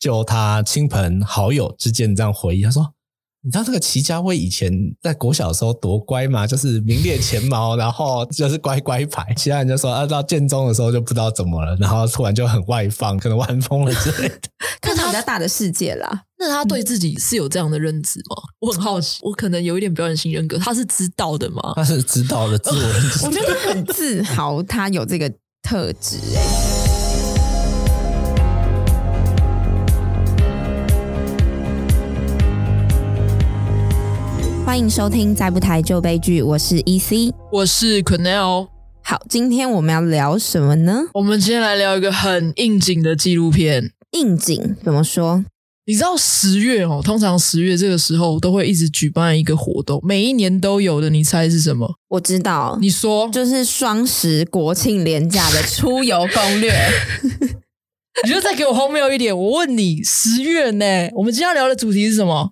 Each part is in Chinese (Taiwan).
就他親朋好友之間這樣回憶，他說：“你知道這個祁家威以前在國小的時候多乖嗎？就是名列前茅， 然後就是乖乖牌。其他人就說，啊、到建中的時候就不知道怎麼了，然後突然就很外放，可能玩瘋了之類的， 看他比較大的世界啦。 那他對自己是有這樣的認知嗎？我很好奇， 我可能有一點表演型人格，他是知道的嗎？他是知道的自我認知，我覺得很自豪，他有這個特質、欸。”歡迎收聽《再不台就悲劇》，我是 EC，我是 Quennel。好，今天我們要聊什麼呢？我們今天來聊一個很應景的紀錄片。應景怎麼說？你知道十月哦，通常十月這個時候都會一直舉辦一個活動，每一年都有的。你猜是什麼？我知道。你說，就是雙十國慶連假的出遊攻略。 你就再給我荒謬一點！我問你，十月呢？我們今天要聊的主題是什麼？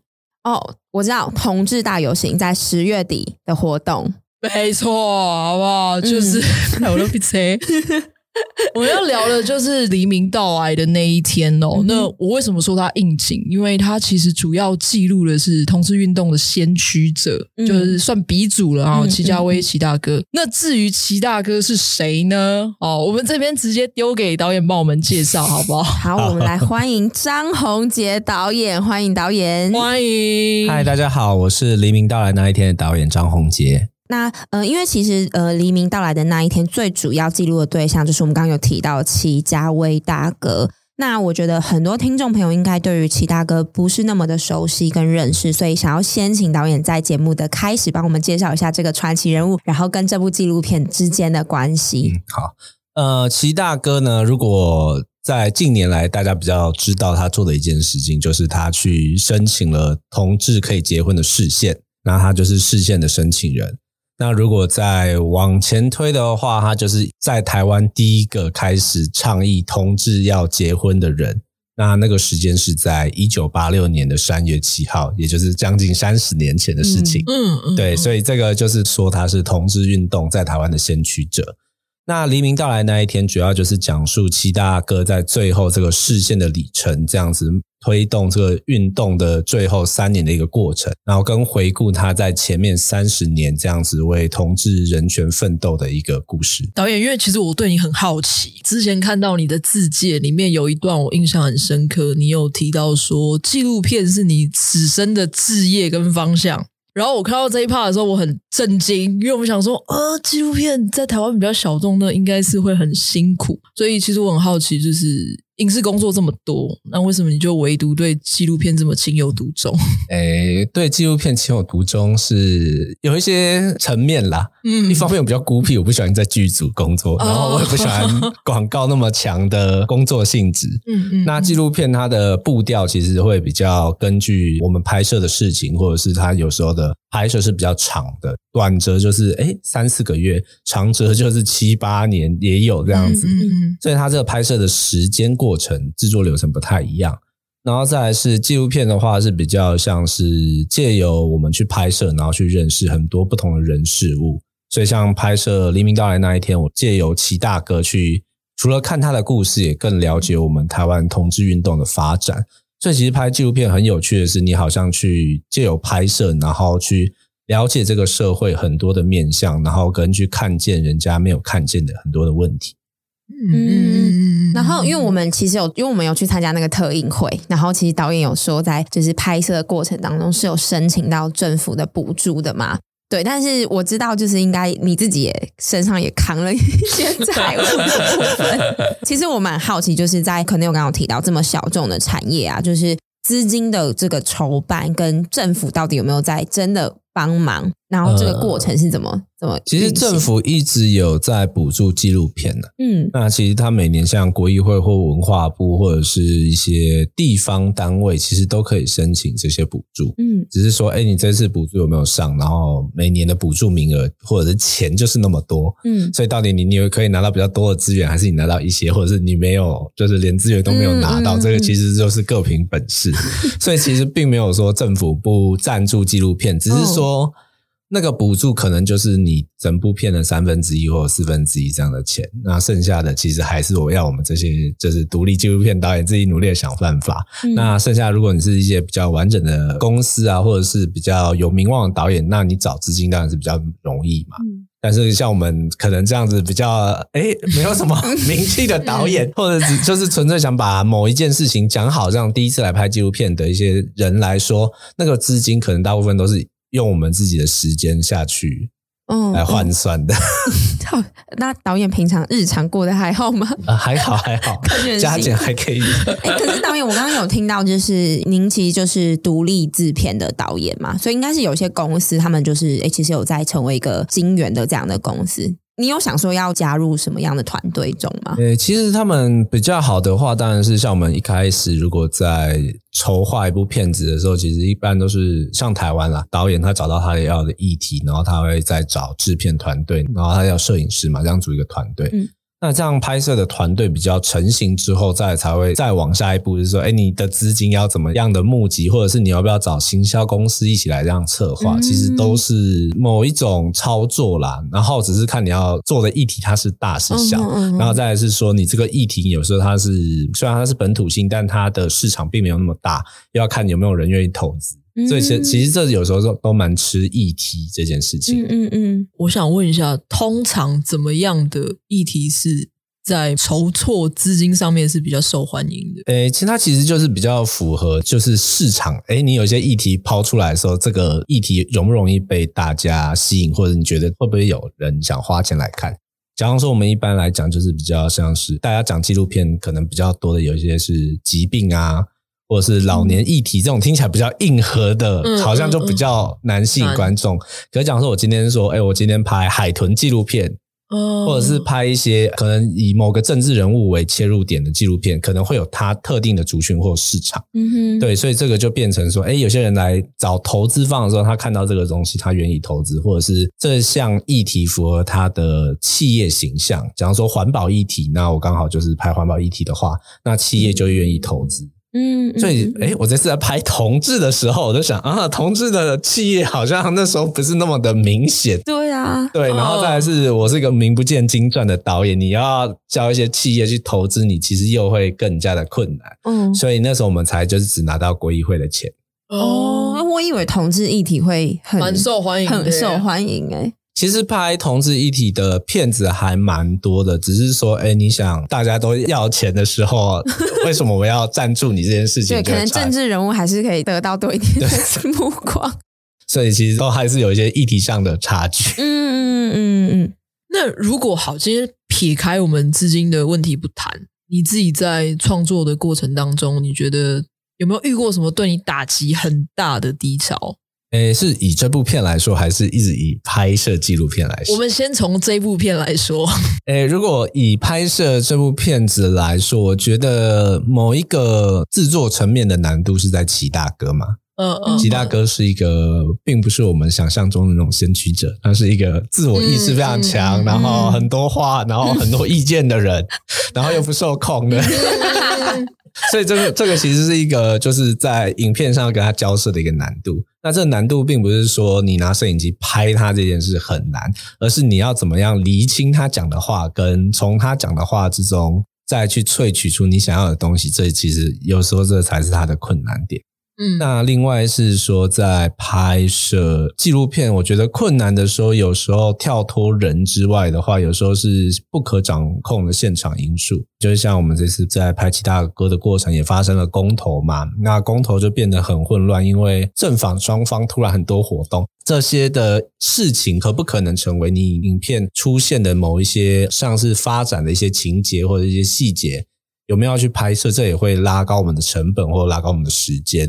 哦，我知道，同志大遊行在十月底的活動。沒錯，哇好不好，就是我都被 我們要聊的就是黎明到來的那一天哦。嗯、那我為什麼說它應景？因為它其實主要記錄的是同志運動的先驅者，嗯、就是算鼻祖了啊、哦，嗯、祁家威、祁大哥。嗯、那至於祁大哥是誰呢？哦，我們這邊直接丟給導演幫我們介紹，好不好？好，我們來歡迎張弘榤導演，歡迎導演，歡迎。嗨，大家好，我是《黎明到來那一天》的導演張弘榤。那呃，因為其實呃，黎明到來的那一天，最主要記錄的對象就是我們剛剛有提到祁家威大哥。那我覺得很多聽眾朋友應該對於祁大哥不是那麼的熟悉跟認識，所以想要先請導演在節目的開始幫我們介紹一下這個傳奇人物，然後跟這部紀錄片之間的關係。嗯，好。呃，祁大哥呢，如果在近年來大家比較知道他做的一件事情，就是他去申請了同志可以結婚的釋憲，那他就是釋憲的申請人。那如果再往前推的話，他就是在台灣第一個開始倡議同志要結婚的人。那那個時間是在一九八六年的三月七號，也就是將近三十年前的事情。嗯嗯，嗯嗯對，所以這個就是說他是同志運動在台灣的先驅者。那黎明到來那一天，主要就是講述祁大哥在最後這個釋憲的歷程，這樣子推動這個運動的最後三年的一個過程，然後跟回顧他在前面三十年這樣子為同志人權奮鬥的一個故事。導演，因為其實我對你很好奇，之前看到你的自介裡面有一段我印象很深刻，你有提到說，紀錄片是你此生的志業跟方向。然後我看到這一 part 的時候，我很震驚，因為我們想說，啊、哦，紀錄片在台灣比較小眾的，那應該是會很辛苦，所以其實我很好奇，就是。影視工作這麼多，那為什麼你就唯獨對紀錄片這麼情有獨鍾？誒、哎，對紀錄片情有獨鍾是有一些層面啦。嗯，一方面我比較孤僻，我不喜歡在劇組工作，哦、然後我也不喜歡廣告那麼強的工作性質。嗯，嗯嗯，那紀錄片它的步調其實會比較根據我們拍攝的事情，或者是它有時候的。拍攝是比較長的，短則就是誒、欸、三四個月，長則就是七八年也有這樣子，嗯嗯嗯，所以它這個拍攝的時間過程、製作流程不太一樣。然後再來是紀錄片的話，是比較像是借由我們去拍攝，然後去認識很多不同的人事物。所以像拍攝《黎明到來那一天》，我借由祁大哥去，除了看他的故事，也更了解我們台灣同志運動的發展。所以其實拍紀錄片很有趣的是，你好像去借由拍攝，然後去了解這個社會很多的面向，然後跟去看見人家沒有看見的很多的問題。嗯，然後因為我們其實有，因為我們有去參加那個特映會，然後其實導演有說，在就是拍攝的過程當中是有申請到政府的補助的嘛。對，但是我知道，就是應該你自己也身上也扛了一些債務 其實我蠻好奇，就是在可能我剛剛有剛我提到這麼小眾的產業啊，就是資金的這個籌辦跟政府到底有沒有在真的幫忙，然後這個過程是怎麼怎麼、呃，其實政府一直有在補助紀錄片的、啊，嗯，那其實他每年像國藝會或文化部或者是一些地方單位，其實都可以申請這些補助，嗯，只是說，哎，你這次補助有沒有上？然後每年的補助名額或者是錢就是那麼多，嗯，所以到底你你有可以拿到比較多的資源，還是你拿到一些，或者是你沒有，就是連資源都沒有拿到？嗯、這個其實就是各憑本事，嗯、所以其實並沒有說政府不贊助紀錄片，哦、只是說。哦，那個補助可能就是你整部片的三分之一或者四分之一這樣的錢，那剩下的其實還是我要我們這些就是獨立紀錄片導演自己努力的想辦法。那剩下如果你是一些比較完整的公司啊，或者是比較有名望的導演，那你找資金當然是比較容易嘛。但是像我們可能這樣子比較哎、欸，沒有什麼名氣的導演， 或者只就是純粹想把某一件事情講好，這樣第一次來拍紀錄片的一些人來說，那個資金可能大部分都是。用我們自己的時間下去，來換算的。哦嗯、 那導演平常日常過得還好嗎？啊、還好，還好， 加減還可以、欸。可是導演，我剛剛有聽到，就是 您其實就是獨立製片的導演嘛，所以應該是有些公司，他們就是、欸、其實有在成為一個金源的這樣的公司。你有想說要加入什麼樣的團隊中嗎？呃，其實他們比較好的話，當然是像我們一開始如果在籌劃一部片子的時候，其實一般都是像台灣啦，導演他找到他要的議題，然後他會再找制片團隊，然後他要攝影師嘛，這樣組一個團隊。嗯。那這樣拍攝的團隊比較成型之後，再才會再往下一步，就是說，哎、欸，你的資金要怎麼樣的募集，或者是你要不要找行銷公司一起來這樣策劃，嗯、其實都是某一種操作啦。然後只是看你要做的議題它是大是小，嗯嗯嗯嗯然後再來是說你這個議題有時候它是雖然它是本土性，但它的市場並沒有那麼大，要看有沒有人願意投資。所以，其實這有時候都都蠻吃議題這件事情的嗯。嗯嗯，我想問一下，通常怎麼樣的議題是在籌措資金上面是比較受歡迎的？誒、欸，其實它其實就是比較符合就是市場。誒、欸，你有一些議題拋出來的時候，這個議題容不容易被大家吸引，或者你覺得會不會有人想花錢來看？假如說我們一般來講，就是比較像是大家講紀錄片，可能比較多的有一些是疾病啊。或者是老年議題、嗯、這種聽起來比較硬核的，嗯、好像就比較難吸引觀眾。嗯嗯、可以講說，我今天說，哎、欸，我今天拍海豚紀錄片，哦、或者是拍一些可能以某個政治人物為切入點的紀錄片，可能會有它特定的族群或市場。嗯、哼對，所以這個就變成說，哎、欸，有些人來找投資方的時候，他看到這個東西，他願意投資，或者是這項議題符合他的企業形象。假如說環保議題，那我剛好就是拍環保議題的話，那企業就願意投資。嗯嗯，所以哎，我這次在拍同志的時候，我就想啊，同志的企業好像那時候不是那麼的明顯。對啊，對，然後再來是、哦、我是一個名不見經傳的導演，你要教一些企業去投資你，其實又會更加的困難。嗯，所以那時候我們才就是只拿到國藝會的錢。哦、哦、啊，我以為同志議題會很受歡迎，很受歡迎哎。其實拍同志議題的片子還蠻多的，只是說，誒、欸、你想大家都要錢的時候，為什麼我要贊助你這件事情？ 對，可能政治人物還是可以得到多一點的對目光。所以其實都還是有一些議題上的差距。嗯嗯嗯嗯那如果好，今天撇開我們資金的問題不談，你自己在創作的過程當中，你覺得有沒有遇過什麼對你打擊很大的低潮？誒，是以這部片來說，還是一直以拍攝紀錄片來說？我們先從這部片來說。誒，如果以拍攝這部片子來說，我覺得某一個製作層面的難度是在祁大哥嘛。嗯嗯。祁大哥是一個，並不是我們想象中的那種先驅者，他是一個自我意識非常強，嗯嗯、然後很多話，嗯、然後很多意見的人，嗯、然後又不受控的。嗯 所以這個這個其實是一個就是在影片上跟他交涉的一個難度。那這個難度並不是說你拿攝影機拍他這件事很難，而是你要怎麼樣釐清他講的話，跟從他講的話之中再去萃取出你想要的東西。這其實有時候這才是他的困難點。嗯，那另外是說，在拍攝紀錄片，我覺得困難的時候，有時候跳脫人之外的話，有時候是不可掌控的現場因素。就像我們這次在拍祁大哥的過程，也發生了公投嘛，那公投就變得很混亂，因為正反雙方突然很多活動，這些的事情可不可能成為你影片出現的某一些像是發展的一些情節或者一些細節，有沒有要去拍攝？這也會拉高我們的成本，或拉高我們的時間。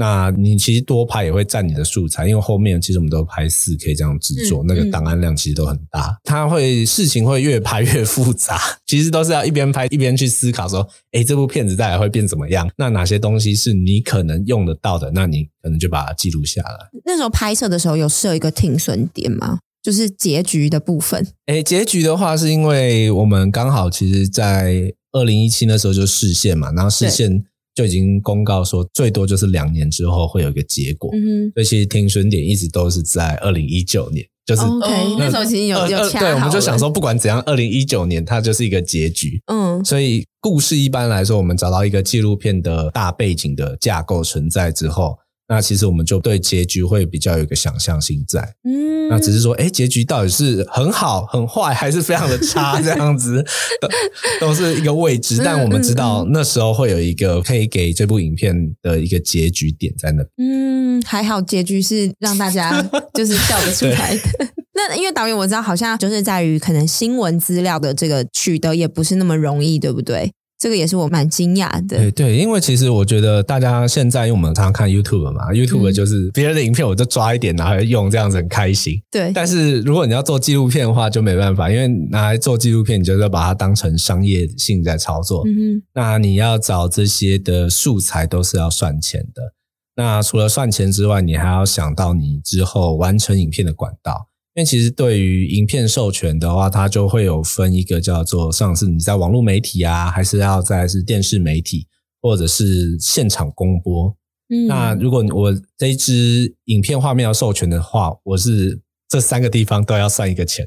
那你其實多拍也會佔你的素材，因為後面其實我們都拍四 K 這樣製作，嗯、那個檔案量其實都很大，它、嗯、會事情會越拍越複雜，其實都是要一邊拍一邊去思考說，哎、欸，這部片子再來會變怎麼樣？那哪些東西是你可能用得到的？那你可能就把它記錄下來。那時候拍攝的時候有設一個停損點嗎？就是結局的部分。哎、欸，結局的話是因為我們剛好其實，在二零一七那時候就釋憲嘛，然後釋憲。就已經公告說，最多就是兩年之後會有一個結果。嗯哼，所以其實停損點一直都是在二零一九年，就是、哦、okay, 那，那時候其實有二有對，我們就想說不管怎樣，二零一九年它就是一個結局。嗯，所以故事一般來說，我們找到一個紀錄片的大背景的架構存在之後。那其實我們就對結局會比較有個想象性在，嗯、那只是說，哎、欸，結局到底是很好、很壞，還是非常的差這樣子， 都、都是一個未知。嗯嗯嗯、但我們知道那時候會有一個可以給這部影片的一個結局點在那。嗯，還好結局是讓大家就是笑得出來 對 那因為導演我知道，好像就是在於可能新聞資料的這個取得也不是那麼容易，對不對？這個也是我蠻驚訝的對。對，因為其實我覺得大家現在因為我們常常看 YouTube 嘛 YouTube 嘛，YouTube、嗯、就是別人的影片，我就抓一點拿來用，這樣子很開心。對。但是如果你要做紀錄片的話，就沒辦法，因為拿來做紀錄片，你就要把它當成商業性在操作。嗯嗯哼。那你要找這些的素材都是要算錢的。那除了算錢之外，你還要想到你之後完成影片的管道。因為其實對於影片授權的話，它就會有分一個叫做像是你在網絡媒體啊，還是要在是電視媒體，或者是現場公播。嗯，那如果我這一支影片畫面要授權的話，我是這三個地方都要算一個錢。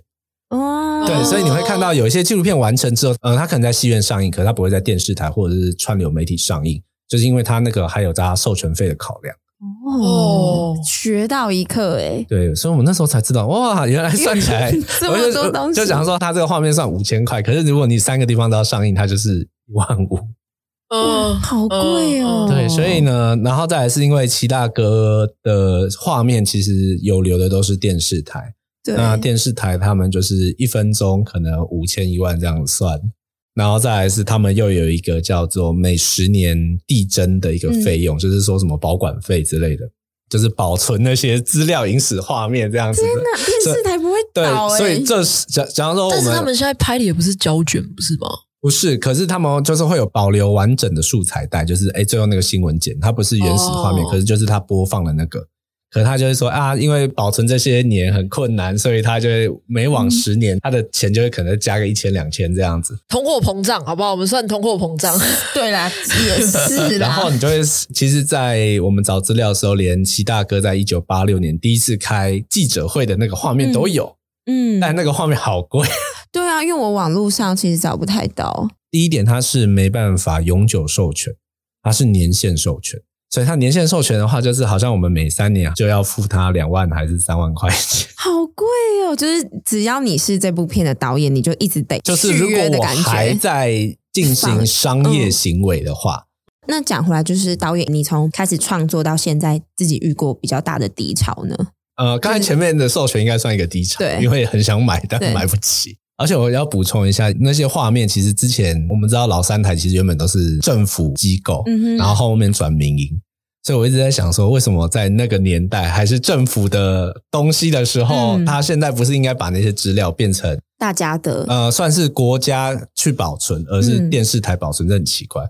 哦，對，所以你會看到有一些紀錄片完成之後，嗯、呃，它可能在戲院上映，可是它不會在電視台或者是串流媒體上映，就是因為它那個還有加授權費的考量。哦，學到一課誒、欸、對，所以我們那時候才知道哇，原來算起來這麼多東西，就講說他這個畫面算五千塊，可是如果你三個地方都要上映，它就是一萬五，嗯，好貴哦。對，所以呢，然後再來是因為祁大哥的畫面其實有留的都是電視台，對那電視台他們就是一分鐘可能五千一萬這樣算。然後再來是，他們又有一個叫做每十年遞增的一個費用，嗯、就是說什麼保管費之類的，就是保存那些資料、影史畫面這樣子的。天哪、所以，電視台不會倒哎、欸。所以這是想要說我們，但是他們現在拍的也不是膠卷，不是嗎？不是，可是他們就是會有保留完整的素材帶，就是哎，最後那個新聞剪，它不是原始畫面，哦、可是就是它播放的那個。可他就會說啊，因為保存這些年很困難，所以他就會每往十年，嗯、他的錢就會可能加個一千兩千這樣子。通貨膨脹，好不好？我們算通貨膨脹， 對啦，也是啦。然後你就會，其實，在我們找資料的時候，連祁大哥在一九八六年第一次開記者會的那個畫面都有，嗯，嗯，但那個畫面好貴。對啊，因為我網絡上其實找不太到。第一點，它是沒辦法永久授權，它是年限授權。所以，他年限授權的話，就是好像我們每三年就要付他兩萬還是三萬塊錢，好貴哦！就是只要你是這部片的導演，你就一直得就是如果我還在進行商業行為的話，嗯、那講回來就是導演，你從開始創作到現在，自己遇過比較大的低潮呢？呃，剛才前面的授權應該算一個低潮，對，因為很想買但買不起。而且我要補充一下，那些畫面其實之前我們知道，老三台其實原本都是政府機構，嗯、哼然後後面轉民營。所以我一直在想說，為什麼在那個年代還是政府的東西的時候，它、嗯、現在不是應該把那些資料變成大家的，呃，算是國家去保存，而是電視台保存、嗯、保存，這很奇怪。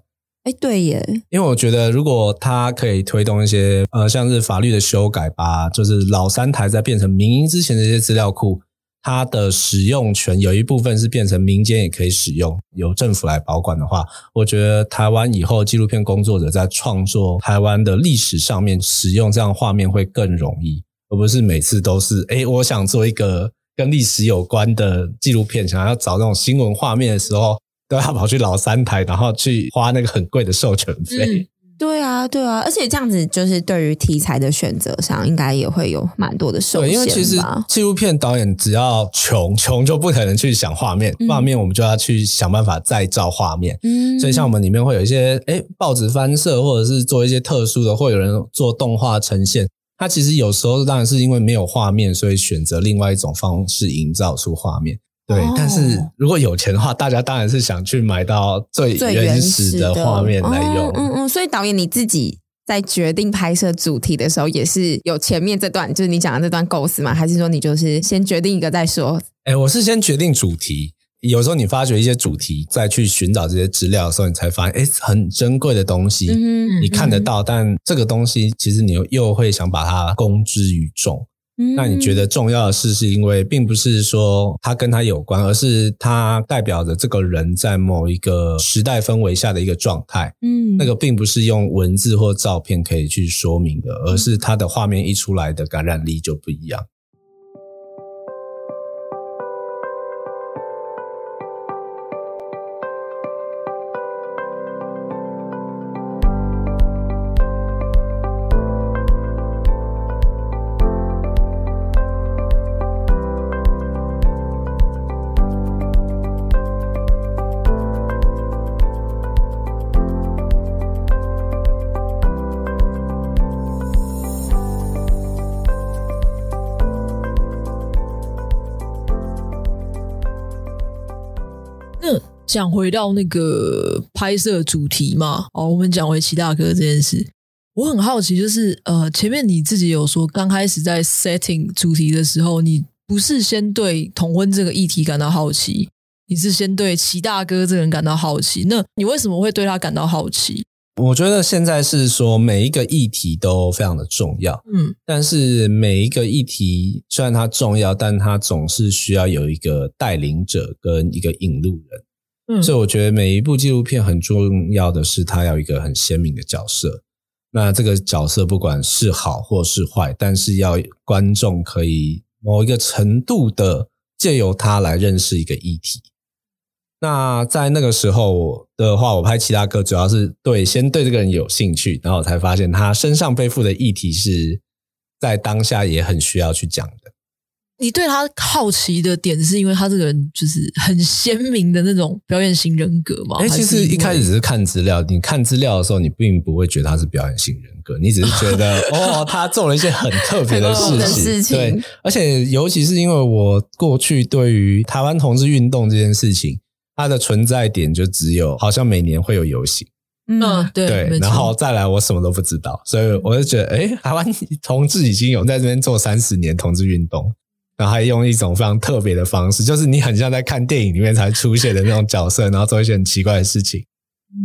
哎、欸，對耶，因為我覺得如果它可以推動一些呃，像是法律的修改吧，就是老三台在變成民營之前的一些資料庫。它的使用權有一部分是變成民間也可以使用，由政府來保管的話，我覺得台灣以後紀錄片工作者在創作台灣的歷史上面使用這樣畫面會更容易，而不是每次都是誒、欸、我想做一個跟歷史有關的紀錄片，想要找那種新聞畫面的時候，都要跑去老三台，然後去花那個很貴的授權費。嗯對啊，對啊，而且這樣子就是對於題材的選擇上，應該也會有蠻多的受限吧。對，因為其實紀錄片導演只要窮，窮就不可能去想畫面，畫面我們就要去想辦法再造畫面。嗯，所以像我們裡面會有一些，誒，報紙翻攝，或者是做一些特殊的，或有人做動畫呈現。它其實有時候當然是因為沒有畫面，所以選擇另外一種方式營造出畫面。對，但是如果有錢的話，大家當然是想去買到最原始的畫面來用。哦哦、嗯嗯，所以導演你自己在決定拍攝主題的時候，也是有前面這段，就是你講的這段構思嘛？還是說你就是先決定一個再說？哎，我是先決定主題。有時候你發掘一些主題，再去尋找這些資料的時候，你才發現，哎，很珍貴的東西，你看得到，嗯嗯、但這個東西其實你又又會想把它公之於眾。那你覺得重要的事是因為並不是說它跟它有關，而是它代表着這個人在某一個時代氛圍下的一個狀態。嗯，那個並不是用文字或照片可以去說明的，而是它的畫面一出來的感染力就不一樣。講回到那個拍攝主題嘛，哦，我們講回祁大哥這件事。我很好奇，就是呃，前面你自己有說，剛開始在 setting 主題的時候，你不是先對同婚這個議題感到好奇，你是先對祁大哥這個人感到好奇。那你為什麼會對他感到好奇？我覺得現在是說每一個議題都非常的重要，嗯，但是每一個議題雖然它重要，但它總是需要有一個帶領者跟一個引路人。所以我覺得每一部紀錄片很重要的是，它要一個很鮮明的角色。那這個角色不管是好或是壞，但是要觀眾可以某一個程度的借由他來認識一個議題。那在那個時候的話，我拍祁大哥主要是對，先對這個人有興趣，然後才發現他身上背負的議題是在當下也很需要去講的。.你對他好奇的點，是因為他這個人就是很鮮明的那種表演型人格嘛？哎、欸，其實一開始是看資料，你看資料的時候，你並不會覺得他是表演型人格，你只是覺得 哦，他做了一些很特別的事情。 對，而且尤其是因為我過去對於台灣同志運動這件事情，它的存在點就只有好像每年會有遊行，嗯，對嗯，對，對，然後再來我什麼都不知道，所以我就覺得，哎、欸，台灣同志已經有在這邊做三十年同志運動。然後還用一種非常特別的方式，就是你很像在看電影裡面才出現的那種角色， 然後做一些很奇怪的事情。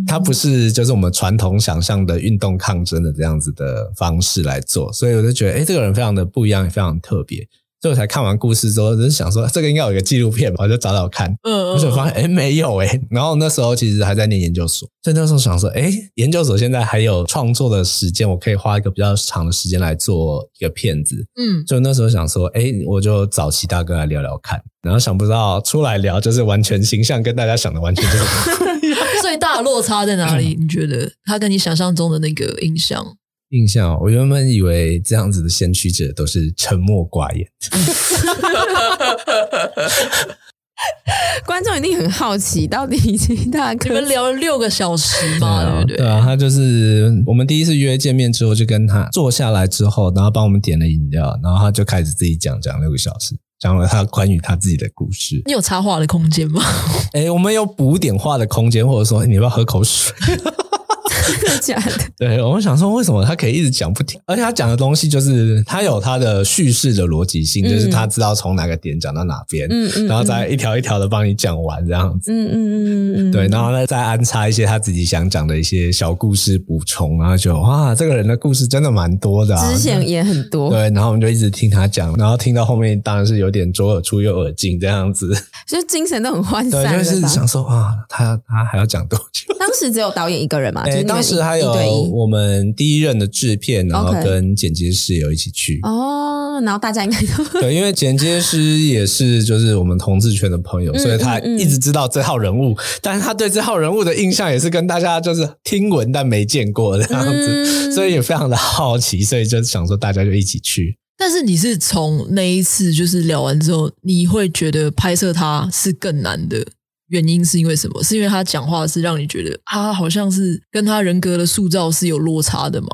他不是就是我們傳統想象的運動抗爭的這樣子的方式來做，所以我就覺得，誒，這個人非常的不一樣，也非常特別。所以我才看完故事之後，只、就是想說、啊、這個應該有一個紀錄片吧，我就找找看。嗯，我就發現誒、欸、沒有誒、欸、然後那時候其實還在念研究所，所以那時候想說誒、欸、研究所現在還有創作的時間，我可以花一個比較長的時間來做一個片子。嗯。就那時候想說誒、欸、我就找祁大哥來聊聊看，然後想不到出來聊就是完全形象跟大家想的完全就是。最 大落差在哪裡？嗯、你覺得他跟你想象中的那個印象？印象，我原本以為這樣子的先驅者都是沉默寡言。 觀眾一定很好奇，到底已經大概可能聊了六個小時嗎？對啊，他就是我們第一次約見面之後，就跟他坐下來之後，然後幫我們點了飲料，然後他就開始自己講講六個小時，講了他關於他自己的故事。你有插話的空間嗎？哎，我們有補點話的空間，或者說，你要不要喝口水？ 真的假的？ 對我們想說，為什麼他可以一直講不停？而且他講的東西就是他有他的敘事的邏輯性，嗯、就是他知道從哪個點講到哪邊，嗯嗯、然後再一條一條的幫你講完這樣子，嗯嗯嗯嗯，嗯對，然後呢再安插一些他自己想講的一些小故事補充，然後就啊，這個人的故事真的蠻多的，啊，之前也很多，對，然後我們就一直聽他講，然後聽到後面當然是有點左耳出右耳進這樣子，就精神都很渙散，對就是想說是吧啊，他他還要講多久？當時只有導演一個人嘛，就、欸。當時還有我們第一任的製片，一一然後跟剪輯師也有一起去哦，okay. oh, 然後大家應該都。對，因為剪輯師也是就是我們同志圈的朋友， 嗯嗯嗯、所以他一直知道這號人物，但是他對這號人物的印象也是跟大家就是聽聞但沒見過的樣子，嗯、所以也非常的好奇，所以就想說大家就一起去。但是你是從那一次就是聊完之後，你會覺得拍攝他是更難的。原因是因為什麼？是因為他講話是讓你覺得他、啊、好像是跟他人格的塑造是有落差的嗎？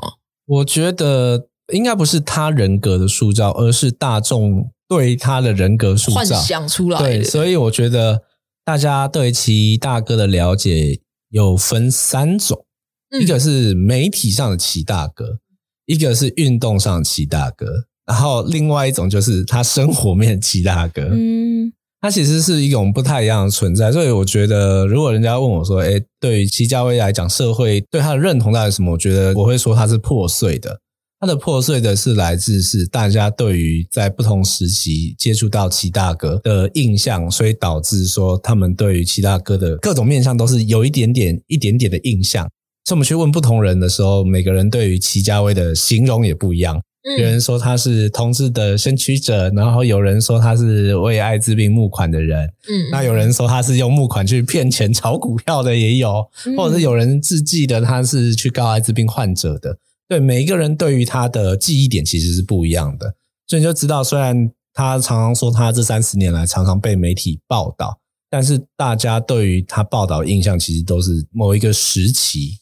我覺得應該不是他人格的塑造，而是大眾對他的人格塑造幻想出來的。對，所以我覺得大家對祁大哥的了解有分三種。嗯。一個是媒體上的祁大哥，一個是運動上祁大哥，然後另外一種就是他生活面祁大哥。嗯。它其實是一種不太一樣的存在，所以我覺得，如果人家問我說：“誒，對於祁家威來講，社會對他的認同到底是什麼？”我覺得我會說他是破碎的。他的破碎的是來自是大家對於在不同時期接觸到祁大哥的印象，所以導致說他們對於祁大哥的各種面向都是有一點點、一點點的印象。所以我們去問不同人的時候，每個人對於祁家威的形容也不一樣。嗯、有人說他是同志的先驅者，然後有人說他是為艾滋病募款的人，嗯，那有人說他是用募款去騙錢炒股票的也有，嗯、或者是有人只記得他是去告艾滋病患者的。對，每一個人對於他的記憶點其實是不一樣的，所以你就知道，雖然他常常說他這三十年來常常被媒體報道，但是大家對於他報道的印象其實都是某一個時期。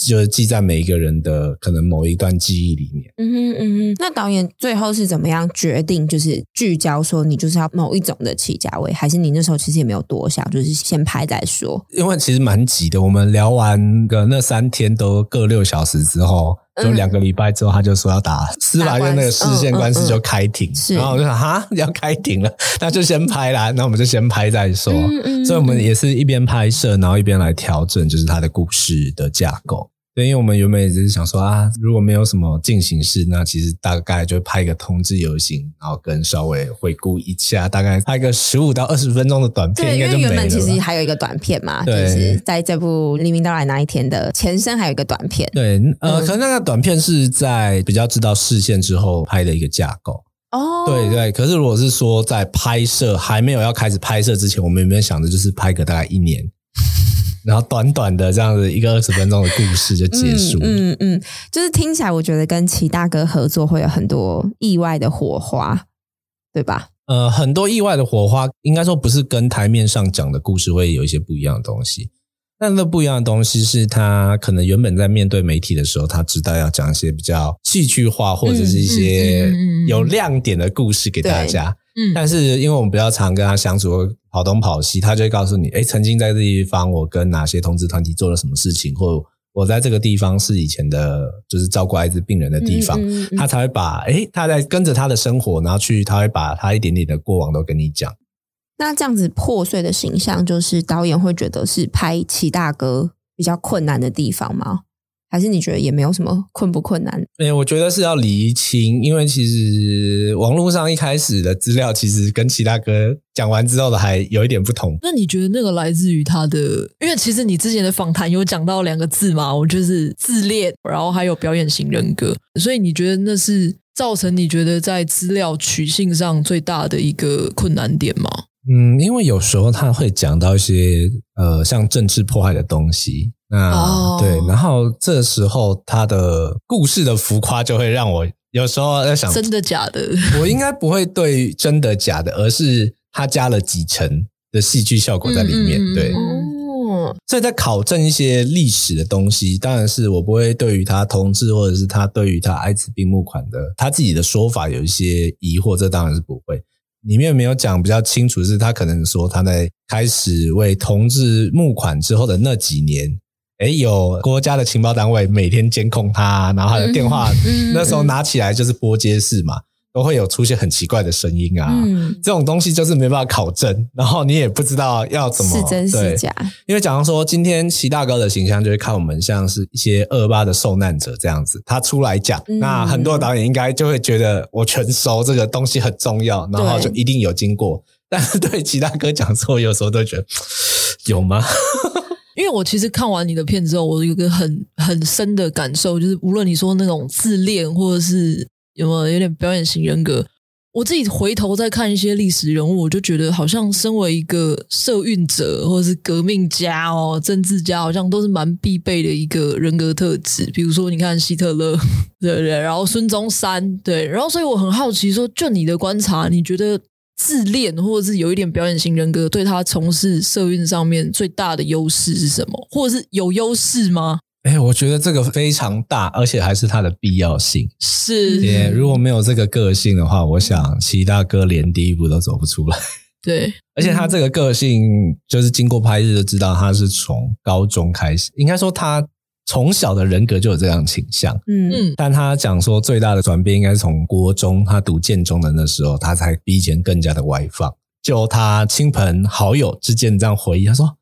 就是記在每一個人的可能某一段記憶裡面。嗯哼嗯哼，那導演最後是怎麼樣決定，就是聚焦說你就是要某一種的祁家威，還是你那時候其實也沒有多想，就是先拍再說？因為其實蠻急的，我們聊完的那三天都各六小時之後。就兩個禮拜之後，他就說要打司法院那個釋憲官司就開庭，哦哦哦、然後我就想，哈，要開庭了，那就先拍啦，那我們就先拍再說。嗯嗯、所以我們也是一邊拍攝，然後一邊來調整，就是他的故事的架構。對，因為我們原本也只是想說啊，如果沒有什麼進行式，那其實大概就拍一個同志遊行，然後跟稍微回顧一下，大概拍個十五到二十分鐘的短片。對，應該就沒因為原本其實還有一個短片嘛，對就是在這部《黎明到來那一天》的前身還有一個短片。對，呃，嗯、可能那個短片是在比較知道視線之後拍的一個架構。哦，對對。可是，如果是說在拍攝還沒有要開始拍攝之前，我們有沒有想着就是拍個大概一年？然後短短的這樣子一個二十分鐘的故事就結束。 嗯。嗯嗯，就是聽起來我覺得跟齊大哥合作會有很多意外的火花，對吧？呃，很多意外的火花，應該說不是跟台面上講的故事會有一些不一樣的東西，但是不一樣的東西是他可能原本在面對媒體的時候，他知道要講一些比較戲劇化或者是一些有亮點的故事給大家。嗯嗯嗯但是，因為我們比較常跟他相處，跑東跑西，他就會告訴你，哎，曾經在這一方，我跟哪些同志團體做了什麼事情，或我在這個地方是以前的，就是照顧艾滋病人的地方，嗯嗯，他才會把，哎，他在跟着他的生活，然後去，他會把他一點點的過往都跟你講。那這樣子破碎的形象，就是導演會覺得是拍祁大哥比較困難的地方嗎？還是你覺得也沒有什麼困不困難？沒有，我覺得是要釐清，因為其實網絡上一開始的資料，其實跟祁大哥講完之後的還有一點不同。那你覺得那個來自於他的？因為其實你之前的訪談有講到兩個字嘛，我就是自戀，然後還有表演型人格。所以你覺得那是造成你覺得在資料取信上最大的一個困難點嗎？嗯，因為有時候他會講到一些呃，像政治迫害的東西，那、oh. 對，然後這時候他的故事的浮誇就會讓我有時候在想，真的假的？我應該不會對真的假的，而是他加了幾層的戲劇效果在裡面，mm hmm. 對。Oh. 所以，在考證一些歷史的東西，當然是我不會對於他同志，或者是他對於他艾滋病募款的他自己的說法有一些疑惑，這當然是不會。裡面沒有講比較清楚，是他可能說他在開始為同志募款之後的那幾年，誒、欸，有國家的情報單位每天監控他，然後他的電話 那時候拿起來就是撥接式嘛。都會有出現很奇怪的聲音啊，嗯、這種東西就是沒辦法考證，然後你也不知道要怎麼是真是假。因為假如說今天齊大哥的形象，就會看我們像是一些二二八的受難者這樣子，他出來講，嗯、那很多導演應該就會覺得我全熟這個東西很重要，然後就一定有經過。對但是對齊大哥講之後，有時候都會覺得有嗎？ 因為我其實看完你的片子之後，我有個很很深的感受，就是無論你說那種自戀或者是。有沒有，有點表演型人格，我自己回頭再看一些歷史人物，我就覺得好像身為一個社運者或者是革命家哦、政治家，好像都是蠻必備的一個人格特質。比如說，你看希特勒，對對，然後孫中山，對。然後，所以我很好奇說，說就你的觀察，你覺得自戀或者是有一點表演型人格，對他從事社運上面最大的優勢是什麼，或者是有優勢嗎？哎、欸，我覺得這個非常大，而且還是他的必要性。是、欸，如果沒有這個個性的話，我想祁大哥連第一步都走不出來。對，而且他這個個性，嗯、就是經過拍攝就知道，他是從高中開始，應該說他從小的人格就有這樣傾向。嗯嗯，但他講說最大的轉變，應該是從國中他讀建中的那時候，他才比以前更加的外放。就他親朋好友之間的這樣回憶，他說。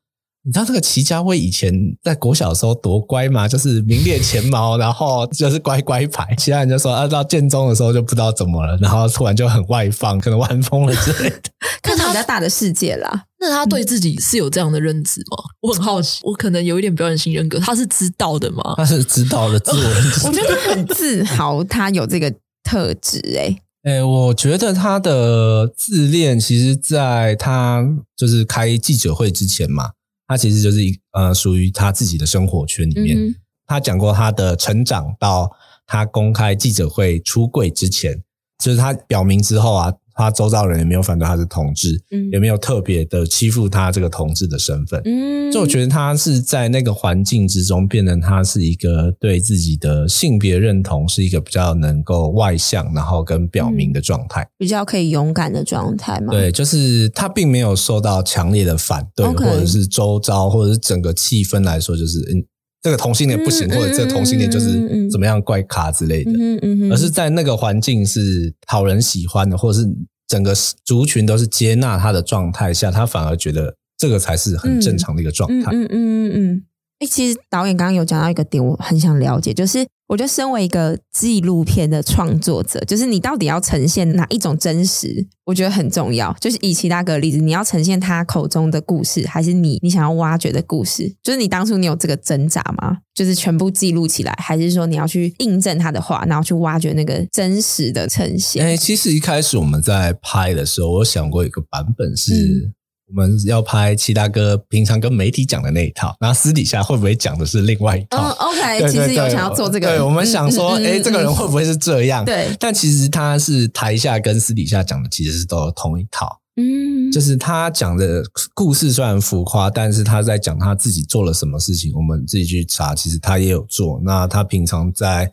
你知道，這個祁家威以前在國小的時候多乖嗎？就是名列前茅，然後就是乖乖牌。其他人就說，啊、到建中的時候就不知道怎麼了，然後突然就很外放，可能玩瘋了之類的。看他比較大的世界啦。那他，那他對自己是有這樣的認知嗎？嗯、我很好奇。我可能有一點表演型人格，他是知道的嗎？他是知道的自我認知。我覺得很自豪，他有這個特質、欸。誒誒、欸、我覺得他的自戀，其實，在他就是開記者會之前嘛。他其實就是一呃，屬於他自己的生活圈裡面。他講過他的成長，到他公開記者會出櫃之前，就是他表明之後啊。他周遭人也沒有反對他是同志，嗯、也沒有特別的欺負他這個同志的身份。嗯，就我覺得他是在那個環境之中，變成他是一個對自己的性別認同是一個比較能夠外向，然後跟表明的狀態，嗯，比較可以勇敢的狀態嘛。對，就是他並沒有受到強烈的反對，嗯、或者是周遭，或者是整個氣氛來說，就是嗯。這個同性戀不行，或者這個同性戀就是怎麼樣怪咖之類的，而是在那個環境是討人喜歡的，或者是整個族群都是接納他的狀態下，他反而覺得這個才是很正常的一個狀態。嗯嗯嗯，欸，其實導演剛剛有講到一個點，我很想了解，就是。我覺得，身為一個紀錄片的創作者，就是你到底要呈現哪一種真實，我覺得很重要。就是以祁大哥的例子，你要呈現他口中的故事，還是你你想要挖掘的故事？就是你當初你有這個掙扎嗎？就是全部記錄起來，還是說你要去印證他的話，然後去挖掘那個真實的呈現？誒、欸，其實一開始我們在拍的時候，我想過一個版本是。嗯我們要拍祁大哥平常跟媒體講的那一套，然後，私底下會不會講的是另外一套？OK，其實有想要做這個，我，對我們想說，哎、嗯欸，這個人會不會是這樣？對，但其實他是台下跟私底下講的，其實是都有同一套。嗯，就是他講的故事雖然浮誇，但是他在講他自己做了什麼事情，我們自己去查，其實他也有做。那他平常在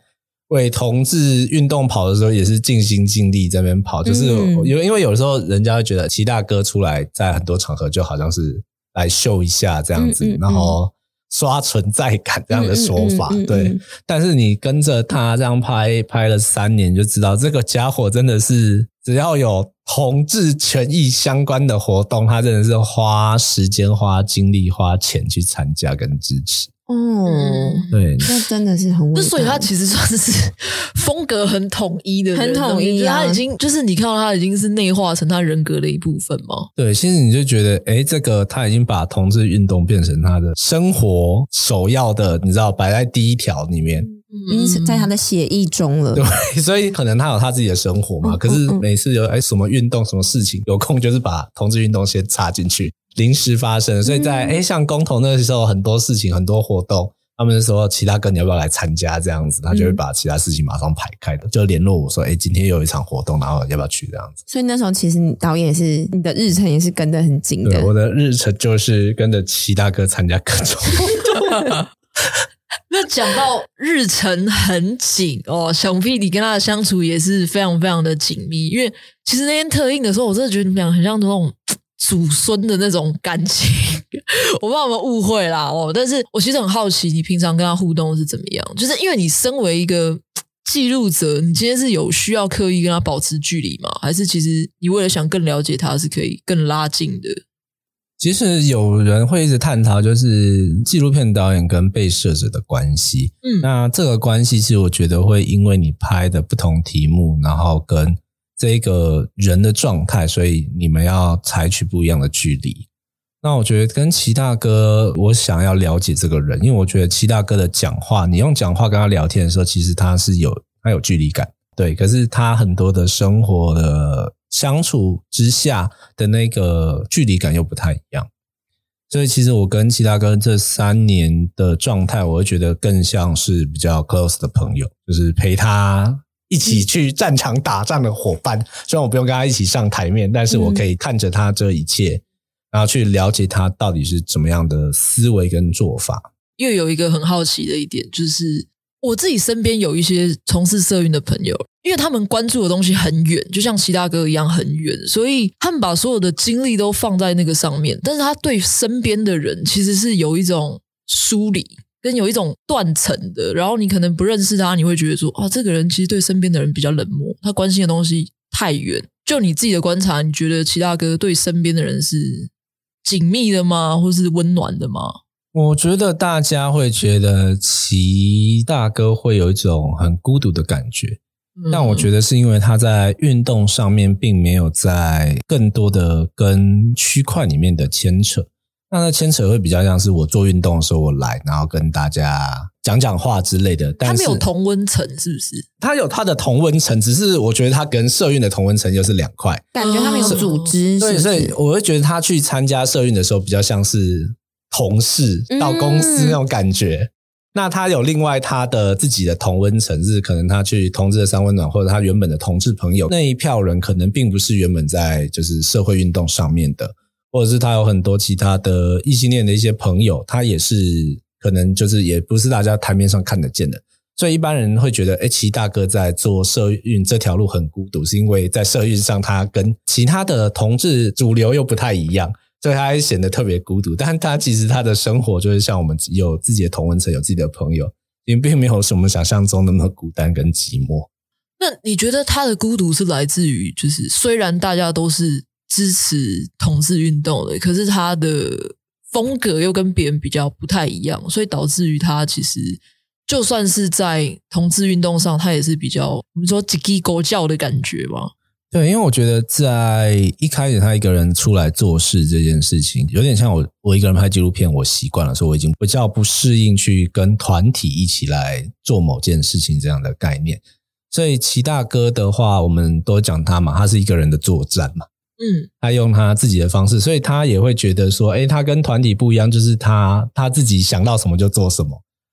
為同志運動跑的時候，也是盡心盡力在那邊跑，嗯、就是因為因為有時候人家會覺得祁大哥出來，在很多場合就好像是來秀一下這樣子，嗯嗯嗯然後刷存在感這樣的說法，嗯嗯嗯嗯對。但是你跟着他這樣拍拍了三年，就知道這個家伙真的是只要有同志權益相關的活動，他真的是花時間、花精力、花錢去參加跟支持。哦，嗯、對，那真的是很，所以他其實算是風格很統一的，很統一。他已經、啊、就是你看到他已經是內化成他人格的一部分嘛。對，其實你就覺得，哎，這個他已經把同志運動變成他的生活首要的，你知道擺在第一條裡面，嗯，嗯在他的血液中了。對，所以可能他有他自己的生活嘛，哦、可是每次有哎什麼運動什麼事情有空，就是把同志運動先插進去。臨時發生，所以在、嗯、誒像公投那個時候很多事情很多活動，他們說，祁大哥你要不要來參加這樣子，他就會把其他事情馬上排開的，就聯絡我說，誒今天有一場活動，然後你要不要去這樣子。所以那時候其實你導演也是你的日程也是跟得很緊的。我的日程就是跟着祁大哥參加各種活動。那講到日程很緊哦，想必你跟他的相處也是非常非常的緊密，因為其實那天特映的時候，我真的覺得你們倆很像那種。祖孫的那種感情，我怕我們誤會啦哦。但是，我其實很好奇，你平常跟他互動是怎麼樣？就是因為你身為一個記錄者，你今天是有需要刻意跟他保持距離嗎？還是其實你為了想更了解他，是可以更拉近的？其實有人會一直探討，就是紀錄片導演跟被攝者的關係。嗯，那這個關係其實我覺得會因為你拍的不同題目，然後跟。這個人的狀態，所以你們要採取不一樣的距離。那我覺得跟祁大哥，我想要了解這個人，因為我覺得祁大哥的講話，你用講話跟他聊天的時候，其實他是有，他有距離感，對。可是他很多的生活的相處之下的那個距離感又不太一樣。所以其實我跟祁大哥這三年的狀態，我會覺得更像是比較 close 的朋友，就是陪他一起去戰場打仗的夥伴，雖然我不用跟他一起上台面，但是我可以看着他這一切，嗯、然後去了解他到底是怎麼樣的思維跟做法。又有一個很好奇的一點，就是我自己身邊有一些從事社運的朋友，因為他們關注的東西很遠，就像祁大哥一樣很遠，所以他們把所有的精力都放在那個上面。但是他對身邊的人其實是有一種疏離。有一種斷層的，然後你可能不認識他，你會覺得說啊、哦，這個人其實對身邊的人比較冷漠，他關心的東西太遠。就你自己的觀察，你覺得祁大哥對身邊的人是緊密的嗎，或是溫暖的嗎？我覺得大家會覺得祁大哥會有一種很孤獨的感覺，嗯、但我覺得是因為他在運動上面並沒有在更多的跟區塊裡面的牽扯。那那牽扯會比較像是我做運動的時候，我來然後跟大家講講話之類的。但是他沒有同溫層，是不是？他有他的同溫層，只是我覺得他跟社運的同溫層又是兩塊。感覺他沒有組織，所以我會覺得他去參加社運的時候，比較像是同事到公司那種感覺。嗯、那他有另外他的自己的同溫層，是可能他去同志的三溫暖，或者他原本的同志朋友那一票人，可能並不是原本在就是社會運動上面的。或者是他有很多其他的異性戀的一些朋友，他也是可能就是也不是大家台面上看得見的，所以一般人會覺得哎，祁大哥在做社運這條路很孤獨，是因為在社運上他跟其他的同志主流又不太一樣，所以他還顯得特別孤獨。但他其實他的生活就是像我們有自己的同溫層，有自己的朋友，也並沒有什麼想象中那麼孤單跟寂寞。那你覺得他的孤獨是來自於，就是雖然大家都是。支持同志運動的，可是他的風格，又跟別人比較不太一樣，所以導致於他其實，就算是在同志運動上，他也是比較我們說雞雞狗叫的感覺嘛。對，因為我覺得在一開始他一個人出來做事這件事情，有點像我我一個人拍紀錄片，我習慣了，所以我已經比較不適應去跟團體一起來做某件事情這樣的概念。所以祁大哥的話，我們都講他嘛，他是一個人的作戰嘛。嗯，他用他自己的方式，所以他也會覺得說，哎、欸，他跟團體不一樣，就是他他自己想到什麼就做什麼，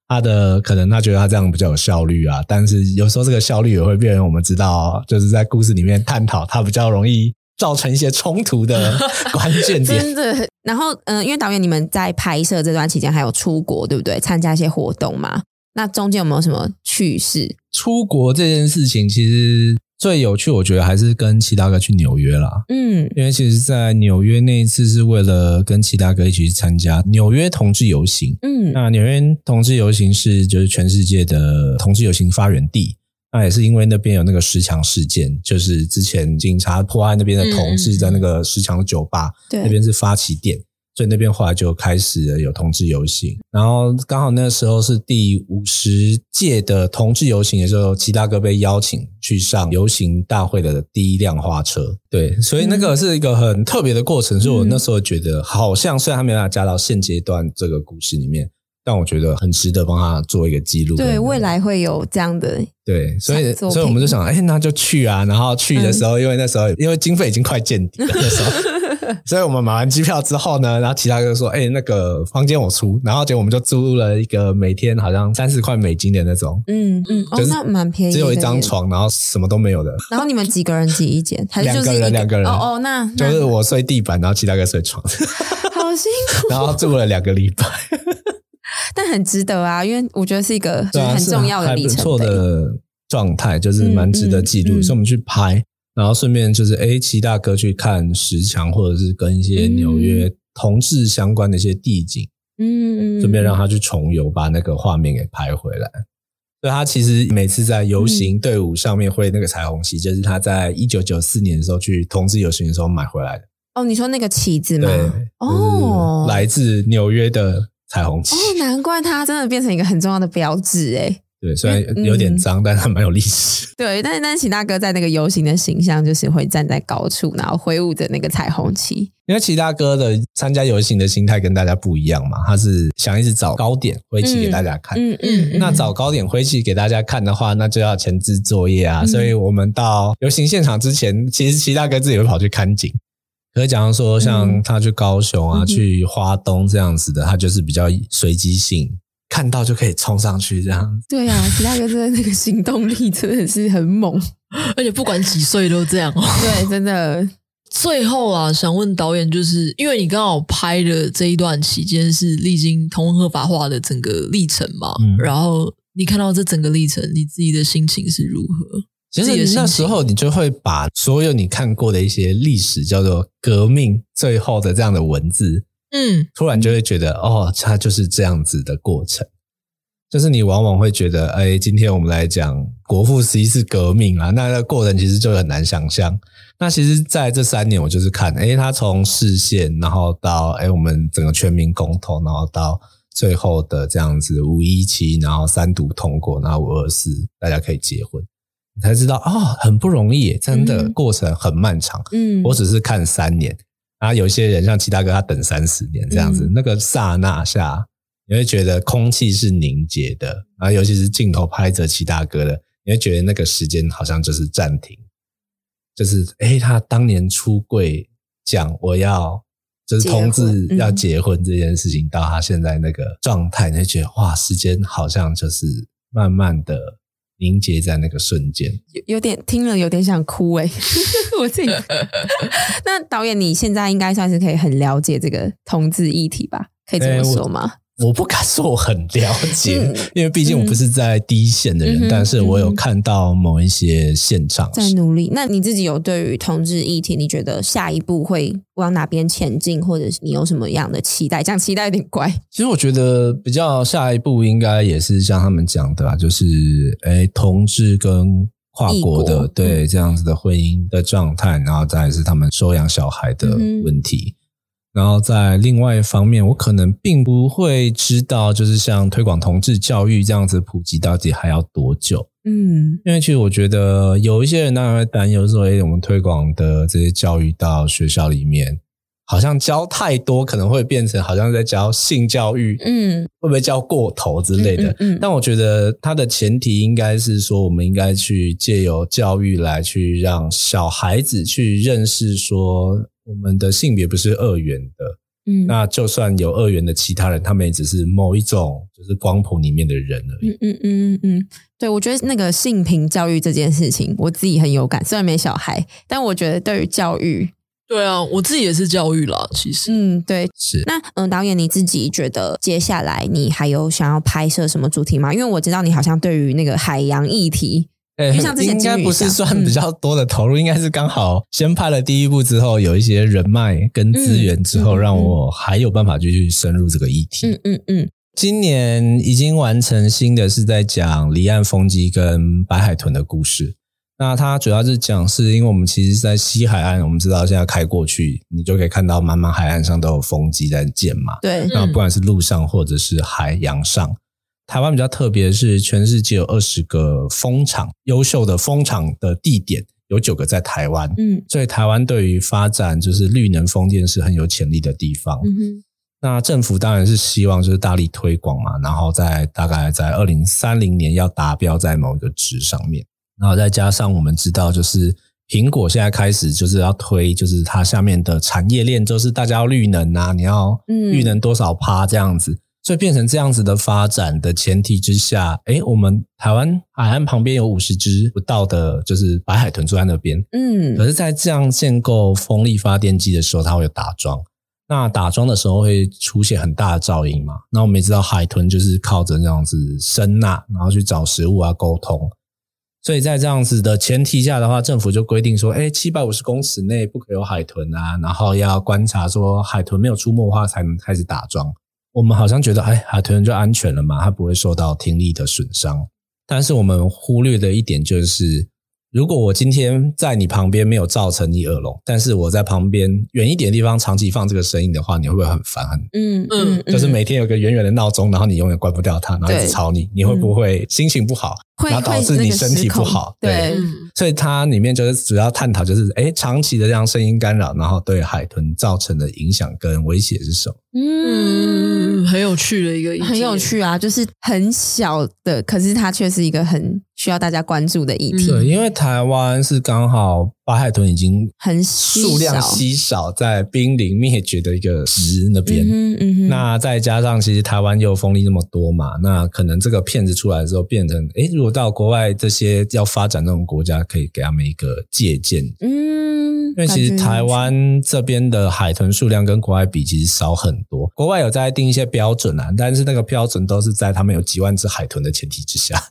他的可能他覺得他這樣比較有效率啊。但是有時候這個效率也會變成我們知道，就是在故事裡面探討他比較容易造成一些衝突的關鍵點。 真的。然後，嗯、呃，因為導演你們在拍攝這段期間還有出國對不對？參加一些活動嘛？那中間有沒有什麼趣事？出國這件事情其實。最有趣，我覺得還是跟祁大哥去紐約啦。嗯，因為其實，在紐約那一次是為了跟祁大哥一起去參加紐約同志遊行。嗯，那紐約同志遊行是就是全世界的同志遊行發源地。那也是因為那邊有那個石牆事件，就是之前警察迫害那邊的同志在那個石牆酒吧，嗯、對，那邊是發起點。所以那邊後來就開始了有同志遊行，然後剛好那時候是第五十屆的同志遊行的時候，就是、祁大哥被邀請去上遊行大會的第一輛花車。對，所以那個是一個很特別的過程，所以我那時候覺得，好像雖然他沒辦法加到現階段這個故事裡面，但我覺得很值得幫他做一個記錄。對未來會有這樣的對，所以所以我們就想，誒、欸，那就去啊！然後去的時候，嗯、因為那時候因為經費已經快見底了。那時候 所以我們買完機票之後呢，然後其他哥說：“哎、欸，那個房間我出。”然後結果我們就租了一個每天好像三十塊美金的那種，嗯嗯，嗯就是蠻、哦、便宜，只有一張床，然後什麼都沒有的。的然後你們幾個人擠一間，兩個人？兩個人哦哦，那，那就是我睡地板，然後其他哥睡床， 好辛苦。然後住了兩個禮拜， 但很值得啊，因為我覺得是一個是很重要的里程碑，對啊，不錯的狀態，就是蠻值得記錄。嗯嗯嗯、所以我們去拍。然後順便就是，哎，祁大哥去看石牆，或者是跟一些紐約同志相關的一些地景，嗯，順便讓他去重遊，把那個畫面給拍回來。所以他其實每次在遊行隊伍上面揮那個彩虹旗，嗯、就是他在一九九四年的時候去同志遊行的時候買回來的。哦，你說那個旗子嗎？對，哦、就是，來自紐約的彩虹旗。哦，難怪他真的變成一個很重要的標誌，哎。對，雖然有點髒，嗯嗯、但是還蠻有歷史。對，但是但是祁大哥在那個遊行的形象，就是會站在高處，然後揮舞着那個彩虹旗。因為祁大哥的參加遊行的心態跟大家不一樣嘛，他是想一直找高點揮旗給大家看。嗯嗯。嗯嗯嗯，那找高點揮旗給大家看的話，那就要前置作業啊。嗯嗯、所以我們到遊行現場之前，其實祁大哥自己會跑去看景。嗯、可以假如說像他去高雄啊、嗯嗯、去花東這樣子的，他就是比較隨機性。看到就可以衝上去，這樣。對呀、啊，其他就的那個行動力真的是很猛， 而且不管幾歲都這樣。 對，真的。最後啊，想問導演，就是因為你剛好拍的這一段期間是歷經同婚合法化的整個歷程嘛？嗯。然後你看到這整個歷程，你自己的心情是如何？其實那時候你就會把所有你看過的一些歷史叫做革命最後的這樣的文字，嗯，突然就會覺得，哦，它就是這樣子的過程。就是你往往會覺得，哎、欸，今天我們來講國父十一次革命啊，那個過程其實就很難想象。那其實在這三年，我就是看，哎、欸，他從釋憲，然後到哎、欸、我們整個全民公投，然後到最後的這樣子五一七，17, 然後三讀通過，然後五二四，大家可以結婚，你才知道啊、哦，很不容易，真的、嗯、過程很漫長。嗯，我只是看三年。然後有一些人像祁大哥，他等三十年這樣子，嗯、那個剎那下，你會覺得空氣是凝結的。然後尤其是鏡頭拍着祁大哥的，你會覺得那個時間好像就是暫停，就是哎、欸，他當年出櫃講我要就是同志要結婚這件事情，嗯、到他現在那個狀態，你會覺得哇，時間好像就是慢慢的凝結在那個瞬間，有點聽了有點想哭哎、欸。 我自己那導演，你現在應該算是可以很了解這個同志議題吧？可以這麼說嗎？欸、我，我不敢說我很了解，嗯、因為畢竟我不是在第一線的人，嗯、但是我有看到某一些現場在努力。那你自己有對於同志議題，你覺得下一步會往哪邊前進，或者是你有什麼樣的期待？這樣期待有點怪。其實我覺得比較下一步應該也是像他們講的吧，就是誒同志跟。跨國的，國，對，對這樣子的婚姻的狀態，然後再是他們收養小孩的問題，嗯、哼然後在另外一方面，我可能並不會知道，就是像推廣同志教育這樣子普及到底還要多久？嗯，因為其實我覺得有一些人當然會擔憂說，誒我們推廣的這些教育到學校裡面。好像教太多可能會變成好像在教性教育，嗯，會不會教過頭之類的？嗯，嗯嗯，但我覺得它的前提應該是說，我們應該去借由教育來去讓小孩子去認識說，我們的性別不是二元的，嗯，那就算有二元的其他人，他們也只是某一種就是光譜裡面的人而已。嗯嗯嗯嗯，對我覺得那個性平教育這件事情，我自己很有感，雖然沒小孩，但我覺得對於教育。對啊，我自己也是教育啦，其實。嗯，對，是。那嗯，導演你自己覺得接下來你還有想要拍攝什麼主題嗎？因為我知道你好像對於那個海洋議題，呃對，就像之前像應該不是算比較多的投入，嗯、應該是剛好先拍了第一部之後，嗯、有一些人脈跟資源之後，嗯嗯嗯、讓我還有辦法繼續深入這個議題。嗯嗯嗯，嗯嗯今年已經完成新的，是在講離岸風機跟白海豚的故事。那它主要是講，是因為我們其實，在西海岸，我們知道現在開過去，你就可以看到茫茫海岸上都有風機在建嘛。對。嗯、那不管是陸上或者是海洋上，台灣比較特別是，全世界有二十個風場，優秀的風場的地點有九個在台灣。嗯。所以台灣對於發展就是綠能風電是很有潛力的地方。嗯哼那政府當然是希望就是大力推廣嘛，然後在大概在二零三零年要達標在某一個值上面。然後再加上我們知道，就是蘋果現在開始就是要推，就是它下面的產業鏈，就是大家要綠能啊，你要綠能多少趴這樣子，嗯、所以變成這樣子的發展的前提之下，哎，我們台灣海岸旁邊有五十隻不到的，就是白海豚住在那邊，嗯，可是，在這樣建構風力發電機的時候，它會有打樁，那打樁的時候會出現很大的噪音嘛。那我們也知道海豚就是靠着那樣子聲呐，然後去找食物啊，溝通。所以在這樣子的前提下的話，政府就規定說，哎、欸，七百五十公尺內不可有海豚啊，然後要觀察說海豚沒有出沒的話才能開始打樁。我們好像覺得，哎、欸，海豚就安全了嘛，它不會受到聽力的損傷。但是我們忽略的一點就是。如果我今天在你旁邊沒有造成你耳聾，但是我在旁邊遠一點的地方長期放這個聲音的話，你會不會很煩、嗯？嗯嗯，就是每天有個遠遠的鬧鐘，然後你永遠關不掉它，然後一直吵你，對你會不會心情不好？會、嗯、導致你身體不好？對，對嗯、所以它裡面就是主要探討就是，誒、欸，長期的這樣聲音干擾，然後對海豚造成的影響跟威脅是什麼？嗯，很有趣的一個，很有趣啊，就是很小的，可是它卻是一個很。需要大家關注的議、嗯、對，因為台灣是剛好。白海豚已經很數量稀少，在瀕臨滅絕的一個值那邊、嗯。嗯嗯，那再加上其實台灣又風力那麼多嘛，那可能這個片子出來的時候，變成誒、欸、如果到國外這些要發展那種國家，可以給他們一個借鑑。嗯，因為其實台灣這邊的海豚數量跟國外比其實少很多，國外有在定一些標準啊，但是那個標準都是在他們有幾萬隻海豚的前提之下。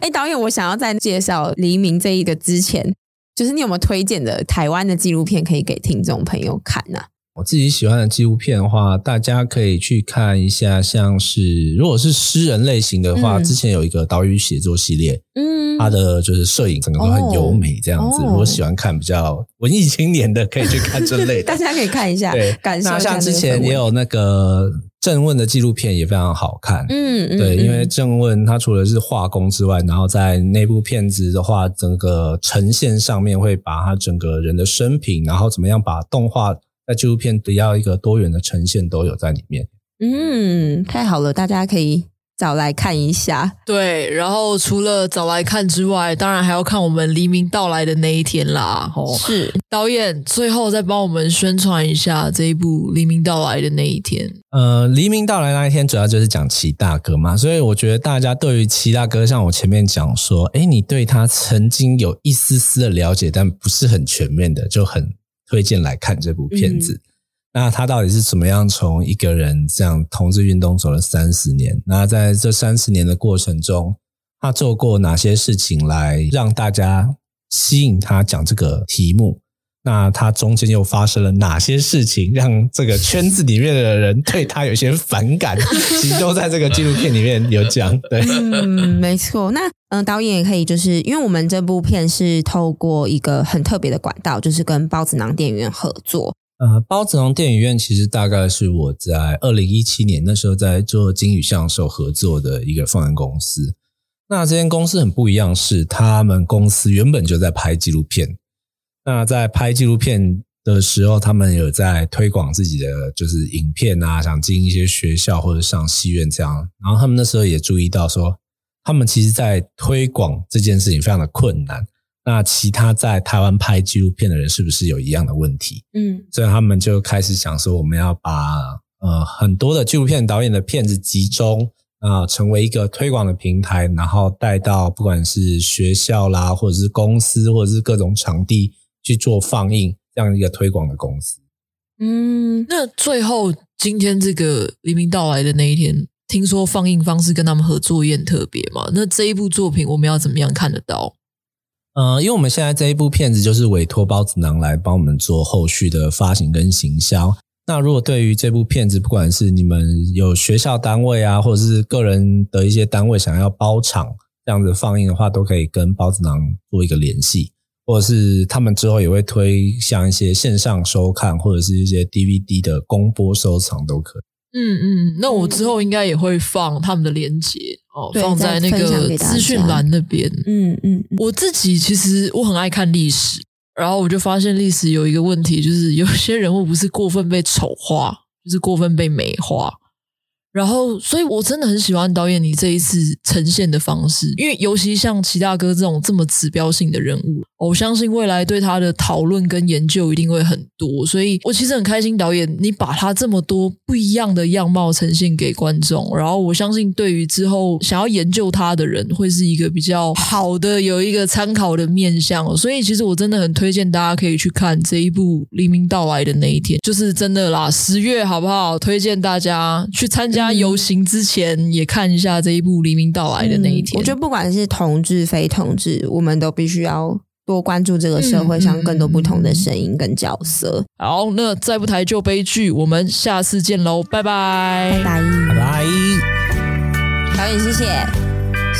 哎、欸，導演，我想要在介紹《黎明》這一個之前。就是你有沒有推薦的台灣的紀錄片可以給聽眾朋友看呢？啊。我自己喜歡的紀錄片的話，大家可以去看一下。像是如果是詩人類型的話，嗯、之前有一個島嶼寫作系列，嗯，它的就是攝影整個都很優美這樣子。哦、如果喜歡看比較文藝青年的，可以去看這類的， 大家可以看一下，對，然後像之前也有那個。那個正問的紀錄片也非常好看，嗯，嗯，對，因為正問他除了是畫工之外，然後在那部片子的話，整個呈現上面會把他整個人的生平，然後怎麼樣把動畫在紀錄片得到一個多元的呈現都有在裡面，嗯，太好了，大家可以。早來看一下，對，然後除了早來看之外，當然還要看我們黎明到來的那一天啦。哦，是導演最後再幫我們宣傳一下這一部《黎明到來的那一天》。呃，黎明到來那一天主要就是講祁大哥嘛，所以我覺得大家對於祁大哥，像我前面講說，哎，你對他曾經有一絲絲的了解，但不是很全面的，就很推薦來看這部片子。嗯那他到底是怎麼樣從一個人這樣同志運動走了三十年？那在這三十年的過程中，他做過哪些事情來讓大家吸引他講這個題目？那他中間又發生了哪些事情，讓這個圈子裡面的人對他有些反感？其實 都在這個紀錄片裡面有講，對，嗯，沒錯。那嗯，導演也可以就是，因為我們這部片是透過一個很特別的管道，就是跟孢子囊電影院合作。呃，孢子囊電影院其實大概是我在二零一七年那時候在做金宇像手合作的一個放映公司。那這間公司很不一樣是，是他們公司原本就在拍紀錄片。那在拍紀錄片的時候，他們有在推廣自己的就是影片啊，想進一些學校或者上戲院這樣。然後他們那時候也注意到說，他們其實，在推廣這件事情非常的困難。那其他在台灣拍紀錄片的人是不是有一樣的問題？嗯，所以他們就開始想說，我們要把呃很多的紀錄片導演的片子集中啊，呃，成為一個推廣的平台，然後帶到不管是學校啦，或者是公司，或者是各種場地去做放映，這樣一個推廣的公司。嗯，那最後今天這個黎明到來的那一天，聽說放映方式跟他們合作也很特別嘛？那這一部作品我們要怎麼樣看得到？嗯、呃，因為我們現在這一部片子就是委托孢子囊來幫我們做後續的發行跟行銷。那如果對於這部片子，不管是你們有學校單位啊，或者是個人的一些單位想要包場這樣子放映的話，都可以跟孢子囊做一個聯繫，或者是他們之後也會推向一些線上收看，或者是一些 DVD 的公播收藏都可以。嗯嗯，那我之後應該也會放他們的鏈接、嗯、哦，對放在那個資訊欄那邊。嗯嗯，我自己其實我很愛看歷史，嗯嗯、然後我就發現歷史有一個問題，就是有些人物不是過分被醜化，就是過分被美化。然後，所以我真的很喜歡導演你這一次呈現的方式，因為尤其像祁大哥這種這麼指標性的人物，我相信未來對他的討論跟研究一定會很多。所以我其實很開心，導演你把他這麼多不一樣的樣貌呈現給觀眾。然後我相信，對於之後想要研究他的人，會是一個比較好的有一個參考的面相。所以，其實我真的很推薦大家可以去看這一部《黎明到來的那一天》，就是真的啦，十月好不好？推薦大家去參加。嗯、他遊行之前也看一下這一部《黎明到來的那一天》嗯。我覺得不管是同志非同志，我們都必須要多關注這個社會上更多不同的聲音跟角色。嗯嗯、好，那再不台就悲劇。我們下次見嘍，拜拜拜拜。拜拜導演，謝謝，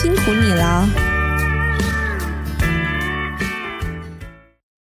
辛苦你了。